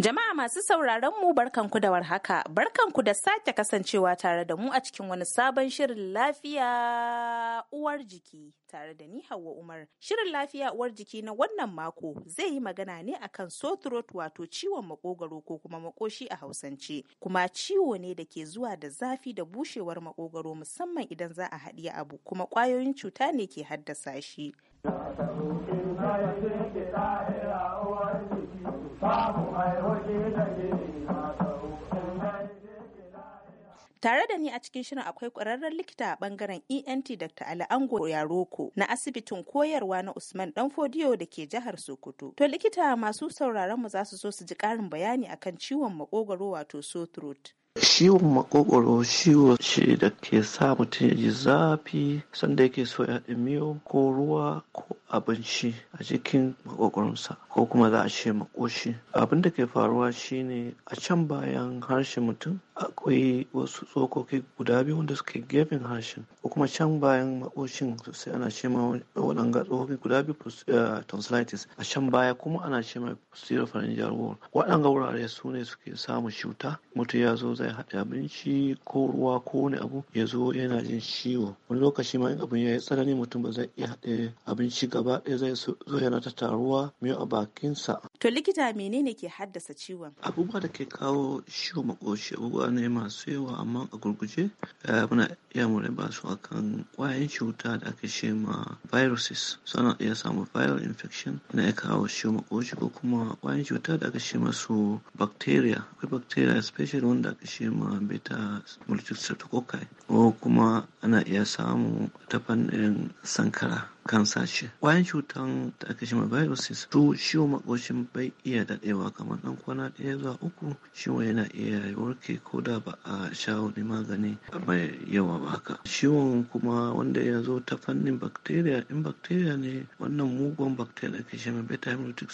Jama'a masu sauraron mu barkanku da warhaka, barkanku da sake kasancewa tare da mu a cikin wani sabon shirin lafiya uwar jiki tare da ni Hauwa Umar. Shirin lafiya uwar jiki na wannan mako zai yi magana ne akan sore throat wato ciwon makogaro ko kuma makoshi a Hausance, kuma ciwo ne da ke zuwa da zafi da bushewar makogaro musamman idan za a haɗiye abu kuma ƙwayoyin cuta ne ke haddasa shi. Tare da ni a cikin shirin akwai ƙwararren likita a ɓangaren ENT Dr. Ali Ango Yaroko na asibitin koyarwa na Usman Danfodiyo da ke jihar Sokoto. To likita masu sauraron mu za su so su ji ƙarin bayani akan ciwon makogoro wato sore throat. ciwon makogoro ciwo ce da ke sa mutum ya ji zafi sanda yake so ya miyo ko ruwa ko abinci a jikin makogwaronsa ko kuma za a ce makoshi abin da ke faruwa shine a can bayan harshen mutum akwai wasu tsokoki guda biyu wanda suke gefen harshen ko kuma can bayan makoshin sosai ana ce ma waɗanga tsokoki guda biyu eh, tonsillitis a can baya kuma ana ce ma pseudopharyngeal wall waɗanga wurare su ne suke samu cuta mutum ya zo zai haɗa abinci ko ruwa ko wani abu ya zo yana jin ciwo wani lokaci ma in abin ya yi tsanani mutum ba zai iya haɗa abinci ga gaba ɗaya zai zo yana ta taruwa miyo a bakinsa. To likita menene ke haddasa ciwon? Abubuwa da ke kawo ciwon makoshi abubuwa ne masu yawa amma a gurguje eh, muna iya mu ba su akan kwayan cuta da ake ce ma viruses suna iya samun viral infection na iya kawo ciwon makoshi ko kuma kwayan cuta da ake ce masu bacteria akwai bacteria especially wanda ake ce ma beta multi ko kuma ana iya samu ta fannin sankara kansa ce Kwayan cutan da aka shi biosis su ciwo makoshin bai iya daɗewa kamar ɗan kwana ɗaya zuwa uku ciwon yana iya warke ko da ba a sha wani magani mai yawa ba haka ciwon kuma wanda ya zo ta fannin bacteria in bacteria ne wannan mugun bacteria da ake shi beta hemolytic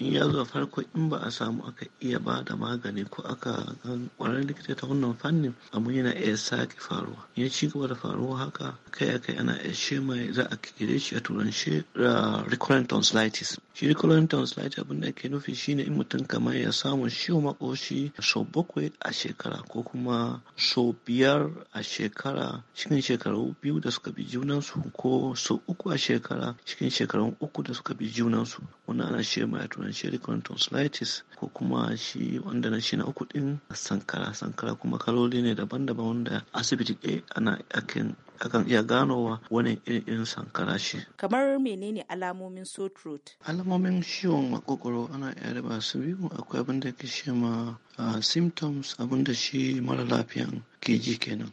in ya zo farko in ba a samu aka iya ba da magani ko aka kwarar likita ta wannan fannin amma yana iya sake faruwa ya ci gaba da faruwa haka kai a kai ana iya shi mai za a kire shi a turance uh, recurrent tonsillitis shi recurrent tonsillitis abin da ke nufi shine in mutum kamar ya samu ciwo makoshi sau bakwai a shekara ko kuma sau biyar a shekara cikin shekaru biyu da suka bi junansu ko sau uku a shekara cikin shekarun uku da suka bi junansu wannan ana shi mai a turanci. differential tonsillitis ko kuma shi wanda na shi na uku din sankara sankara kuma kaloli ne daban-daban wanda asibiti ɗaya ana akan akan iya ganowa wani irin sankara shi. Kamar menene alamomin sore throat? Alamomin ciwon makokoro ana iya raba su biyu akwai abin da ke shi ma symptoms abin da shi mara lafiyan ke ji kenan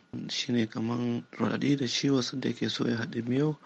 ne kamar radi da shi wasu da ke so ya haɗe miyau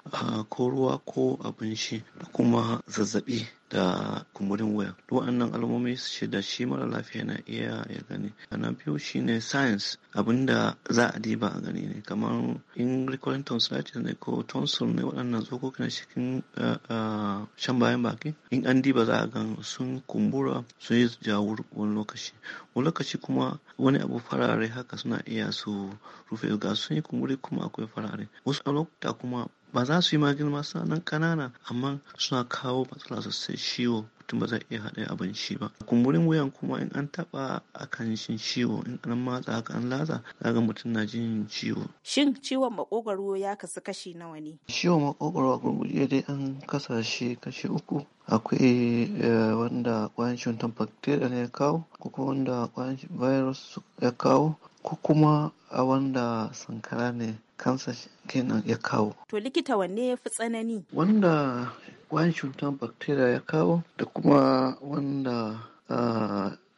ko ruwa ko abin shi da kuma zazzaɓi da kumburin wuya wannan alamomi su ce da shi mara lafiya na iya ya gani na biyu shine science abinda za a diba a gani ne kamar in recurrent tonsillitis ne ko tonsil ne waɗannan tsokoki na cikin eh, eh, shan bayan baki in an diba za a gan sun kumbura su yi jawo wani lokaci wani lokaci kuma wani abu farare haka suna iya su rufe ga sun yi kumburi kuma akwai farare wasu lokuta kuma ba za su yi ma girma suna nan ƙanana amma suna kawo matsala sosai ciwo mutum ba zai iya haɗa abin shi ba kumburin wuyan kuma in an taɓa kan shin ciwo in an matsa haka an latsa zaga mutum na jin ciwo shin ciwon makogwaro ya kasu kashi nawa ne ciwon makogwaro a gurguje dai an kasa shi kashi uku akwai eh, wanda kwayan cutar bacteria ne ya kawo ko kuma wanda kwayan virus ya kawo ko kuma a wanda sankara ne kansa kenan ya kawo. To likita wanne ya fi tsanani? Wanda kwayan cutar bakteriya ya kawo da kuma wanda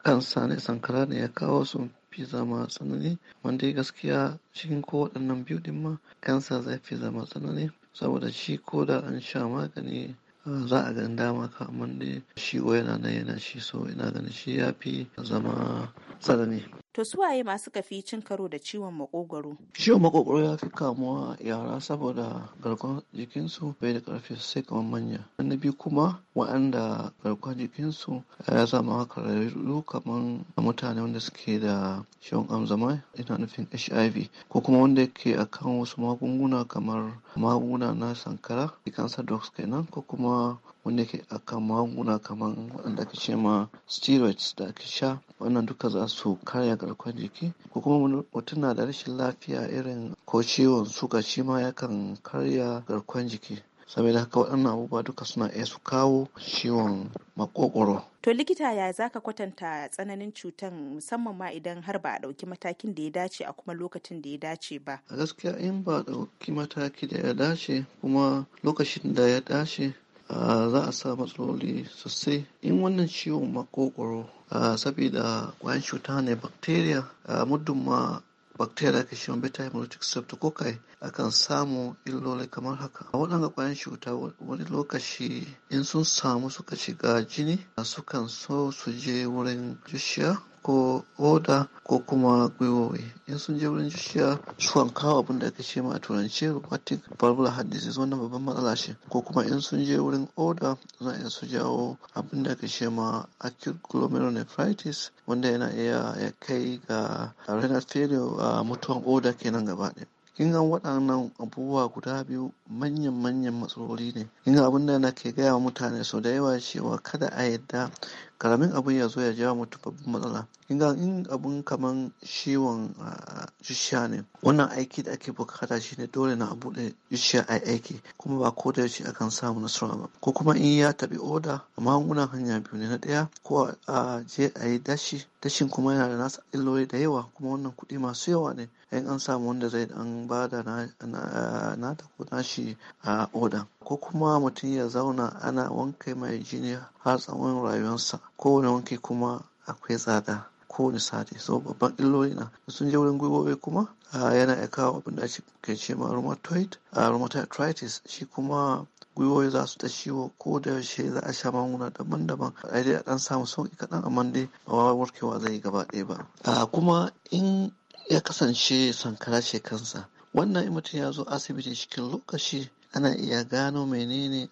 kansa ne sankara ne ya kawo sun fi zama tsanani wanda gaskiya cikin ko waɗannan biyu din ma kansa zai fi zama tsanani saboda shi ko da an sha magani za a gan dama ka amma dai shi o yana nan yana shi so ina ganin shi ya fi zama tsanani. To su waye masu kafi cin karo da ciwon makogwaro? Ciwon makogwaro ya fi kamuwa yara saboda garkuwar jikinsu bai da karfi sai kamar manya. Na biyu kuma waɗanda garkuwar jikinsu eh, ya zama rayu kamar mutane wanda suke da ciwon amzama ina nufin HIV ko kuma wanda yake akan wasu magunguna kamar magunguna na sankara, cancer drugs kenan ko kuma wanda ke akan magunguna kamar wanda ake ce ma steroids da ake sha wannan duka za su karya garkuwar jiki ko kuma mutum na da rashin lafiya irin ko ciwon suga shi ma yakan karya garkuwar jiki saboda haka waɗannan abubuwa duka suna iya su kawo ciwon makokoro to likita ya za ka kwatanta tsananin cutan musamman ma idan har ba a ɗauki matakin da ya dace a kuma lokacin da ya dace ba a gaskiya in ba a ɗauki mataki da ya dace kuma lokacin da ya dace za a sa matsaloli sosai in wannan ciwon makokoro Ah, saboda ƙwayan cuta ne bacteria ah, muddin ma bacteria ke shan beta hemolytic streptococci akan samu illoli kamar haka a ah, waɗanda ƙwayan cuta wani lokaci in sun samu suka shiga jini sukan so su je wurin jishiya ko oda ko kuma gwiwowi in sun je wurin jishiya sukan kawo abin da ake ce ma a turanci rheumatic valvular heart disease wannan babban matsala ce ko kuma in sun je wurin oda za a su jawo abin da ake ce ma acute glomerulonephritis wanda yana iya ya kai ga renal failure a mutuwan oda kenan gaba ɗaya kin ga waɗannan abubuwa guda biyu manyan manyan matsaloli ne yin abin da na ke gaya wa mutane sau da yawa cewa kada a yadda karamin abin ya zo ya jawo mutum babban matsala in abun kamar ciwon jishiya ne wannan aiki da ake bukata shine dole na buɗe zuciya a aiki kuma ba ko da yaushe akan samu nasara ba ko kuma in ya tabi oda magungunan hanya biyu ne na ɗaya ko a je a yi dashi dashin kuma yana da nasa illoli da yawa kuma wannan kuɗi masu yawa ne in an samu wanda zai ɗan bada na nata ko nashi shi a odan ko kuma mutum ya zauna ana wanke mai jini har tsawon rayuwarsa kowane wanki kuma akwai tsada kowane sati so babban illoli na sun je wurin gwiwowi kuma yana iya kawo abin da ke ce ma rheumatoid rheumatoid arthritis shi kuma gwiwoyi za su ta ciwo ko da yaushe za a sha magunguna daban-daban a dai a ɗan samu sauƙi kaɗan amma dai ba warkewa zai gaba ɗaya ba kuma in ya kasance sankara ce kansa wannan in mutum ya zo asibiti cikin lokaci ana iya gano menene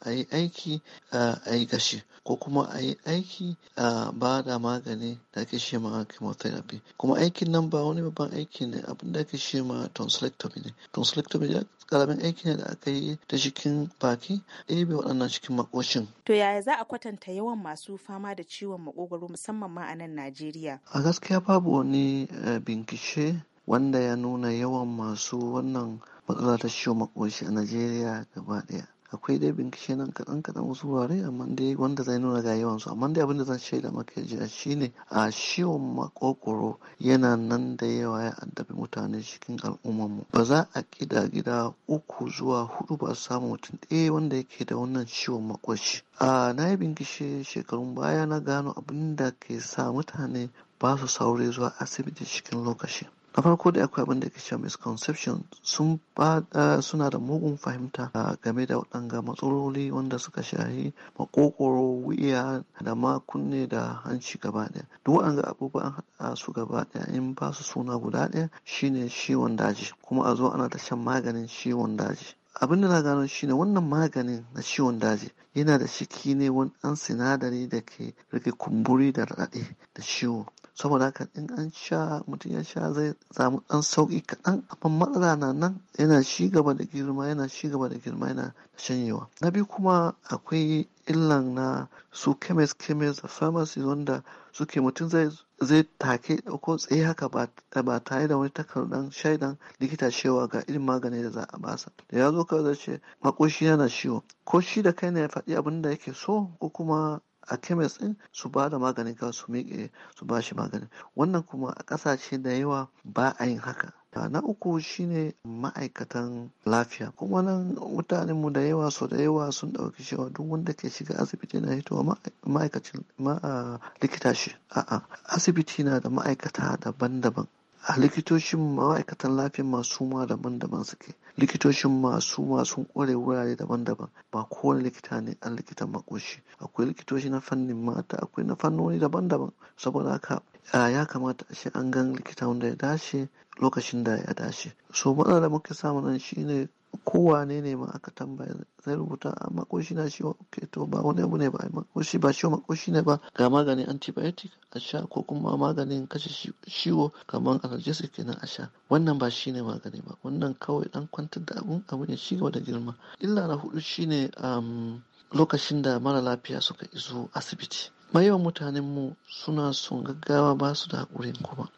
a yi aiki a yi gashi ko kuma a yi aiki a ba da magani da ake shi ma chemotherapy kuma aikin nan ba wani babban aiki ne abin da ake shi ma tonsillectomy ne tonsillectomy ya karamin aiki ne da aka yi ta cikin baki ebe waɗannan cikin makoshin. to yaya za a kwatanta yawan masu fama da ciwon makogwaro musamman ma a nan najeriya a gaskiya babu wani eh, bincike wanda ya nuna yawan masu wannan matsala ta ciwon makoshi a Najeriya gaba ɗaya. Akwai dai bincike nan kaɗan kaɗan wasu wurare amma dai wanda zai nuna ga yawansu amma dai abin zan shaida maka shi shine a ciwon makokoro yana nan da yawa ya addabi mutane cikin mu. ba za a kida gida uku zuwa hudu ba samu mutum ɗaya wanda yake da wannan ciwon makoshi. A na yi bincike shekarun baya na gano abin da ke sa mutane ba su saurin zuwa asibiti cikin lokaci. na farko da akwai abin da ke cewa misconception sun suna da mugun fahimta game da waɗanga matsaloli wanda suka shahi makokoro wuya da ma kunne da hanci gaba ɗaya duk waɗanga abubuwa an haɗa su gaba ɗaya in ba su suna guda ɗaya shine ciwon daji kuma a zo ana ta shan maganin ciwon daji abin da na gano shine wannan maganin na ciwon daji yana da ciki ne wani an sinadari da ke rage kumburi da raɗaɗe da ciwo saboda haka in an sha mutum ya sha zai samu ɗan sauki kaɗan amma matsala na nan yana shi gaba da girma yana shi gaba da girma yana shanyewa na biyu kuma akwai illan na su chemist chemist da pharmacy wanda suke mutum zai zai take ko tsaye haka ba tare da wani takardan shaidan likita cewa ga irin magani da za a basa da ya zo kawai zai ce makoshi yana ciwo ko shi da kai ne ya faɗi abin da yake so ko kuma a kemis din su ba da maganin ka su miƙe su ba shi maganin wannan kuma a ƙasashe da yawa ba a yin haka na uku shine ma'aikatan lafiya kuma nan mutanen mu da yawa so da yawa sun ɗauki cewa duk wanda ke shiga asibiti na hitowa ma'aikacin likita shi a'a asibiti na da ma'aikata daban-daban a likitocin ma'aikatan lafiyar masu ma daban-daban suke likitocin masu masu kware wurare daban-daban ba kowane likita ne an likitan makoshi akwai likitoci na fannin mata akwai na fannoni daban-daban saboda haka ya kamata a an gan likita wanda ya dace lokacin da ya dace so matsala da muka samu nan shine wane ne ma aka tambaya zai rubuta a makoshi na shi ke to ba wani abu ne ba makoshi ba shi makoshi ne ba ga maganin antibiotic a sha ko kuma maganin kashe ciwo kamar analgesic kenan a sha wannan ba shi ne magani ba wannan kawai dan kwantar da abun abu ne shi gaba da girma illa na hudu shine um, lokacin da mara lafiya suka iso asibiti mutanen mu suna son gaggawa ba su da haƙurin kuma.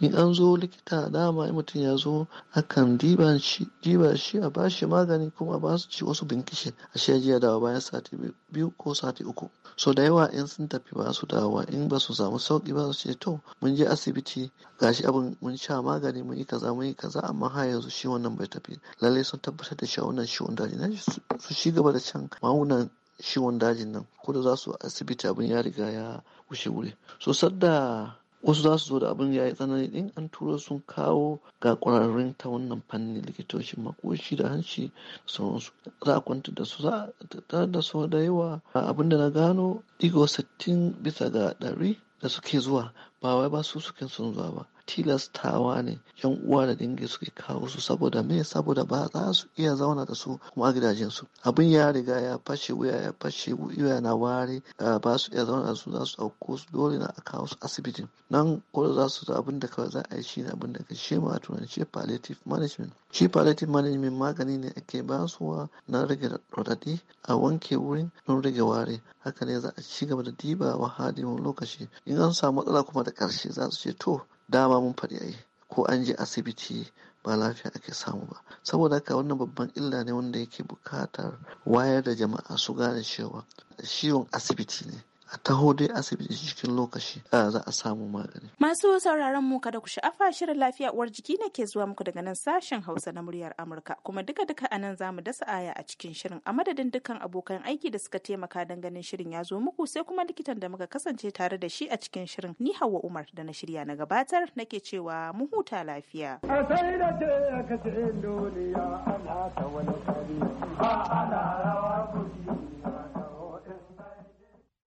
In an zo likita dama in mutum ya zo akan diba shi, diba a ba shi magani kuma ba su ci wasu binkishe a shi jiya dawa bayan sati biyu ko sati uku. So da yawa in sun tafi ba su dawa in ba su samu sauki ba su ce to mun je asibiti gashi abin mun sha magani mun yi kaza mun yi kaza amma har yanzu shi wannan bai tafi. Lallai sun tabbatar da shi wannan shi wanda na su shi gaba da can magunan ciwon dajin nan ko da za su asibiti abin ya riga ya wuce wuri so sadda wasu za su zo da abin ya yi tsanani din an turo sun kawo ga kwararrun ta wannan fannin likitocin makoshi da hanci sauransu za a kwanta da su za a da su da yawa abin da na gano digo 60 bisa ga ɗari da suke zuwa ba wai ba su suke son zuwa ba tilastawa ne yan uwa da dangi suke kawo su saboda me saboda ba za su iya zauna da su kuma gidajen su abin ya riga ya fashe wuya ya fashe wuya na ware ba su iya zauna da su za su dauko su dole na a kawo su asibitin nan ko za su zo abin da kawai za a yi shine abin da ka shema a turanci palliative management shi palliative management magani ne ake basuwa na rage radadi a wanke wurin don rage ware haka ne za a ci gaba da dibawa hadimin lokaci in an samu matsala kuma da karshe za su ce to dama mun faɗi ai ko an je asibiti ba lafiya ake samu ba saboda haka wannan babban illa ne wanda yake buƙatar wayar da jama'a su gane cewa ciwon asibiti ne a taho dai asibiti cikin lokaci za a samu magani. Masu sauraron mu kada ku sha'afa shirin lafiya uwar jiki ne ke zuwa muku daga nan sashen Hausa na muryar Amurka kuma duka duka a nan zamu dasa aya a cikin shirin a madadin dukkan abokan aiki da suka taimaka don ganin shirin ya zo muku sai kuma likitan da muka kasance tare da shi a cikin shirin ni Hauwa Umar da na shirya na gabatar nake cewa mu huta lafiya. A sai ce ana rawa